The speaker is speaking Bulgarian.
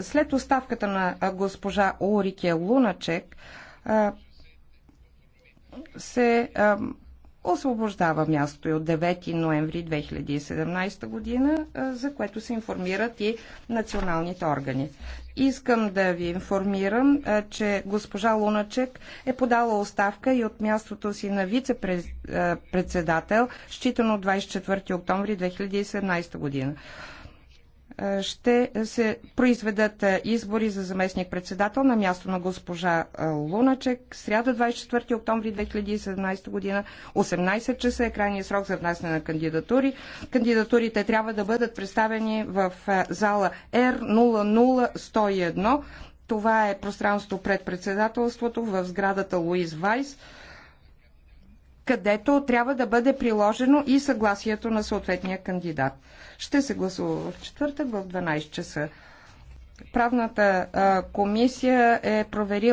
след оставката на госпожа Орике Луначек се освобождава място и от 9 ноември 2017 година, за което се информират и националните органи. Искам да ви информирам, че госпожа Луначек е подала оставка и от мястото си на вице-председател, считано 24 октомври 2017 година. Е, ще се произведат е, избори за заместник-председател на място на госпожа е, Луначек. Сряда 24 октомври 2017 година, 18 часа е крайният срок за внасяне на кандидатури. Кандидатурите трябва да бъдат представени в зала R00101. Това е пространство пред председателството в сградата Луис Вайс където трябва да бъде приложено и съгласието на съответния кандидат. Ще се гласува в четвъртък в 12 часа. Правната комисия е проверила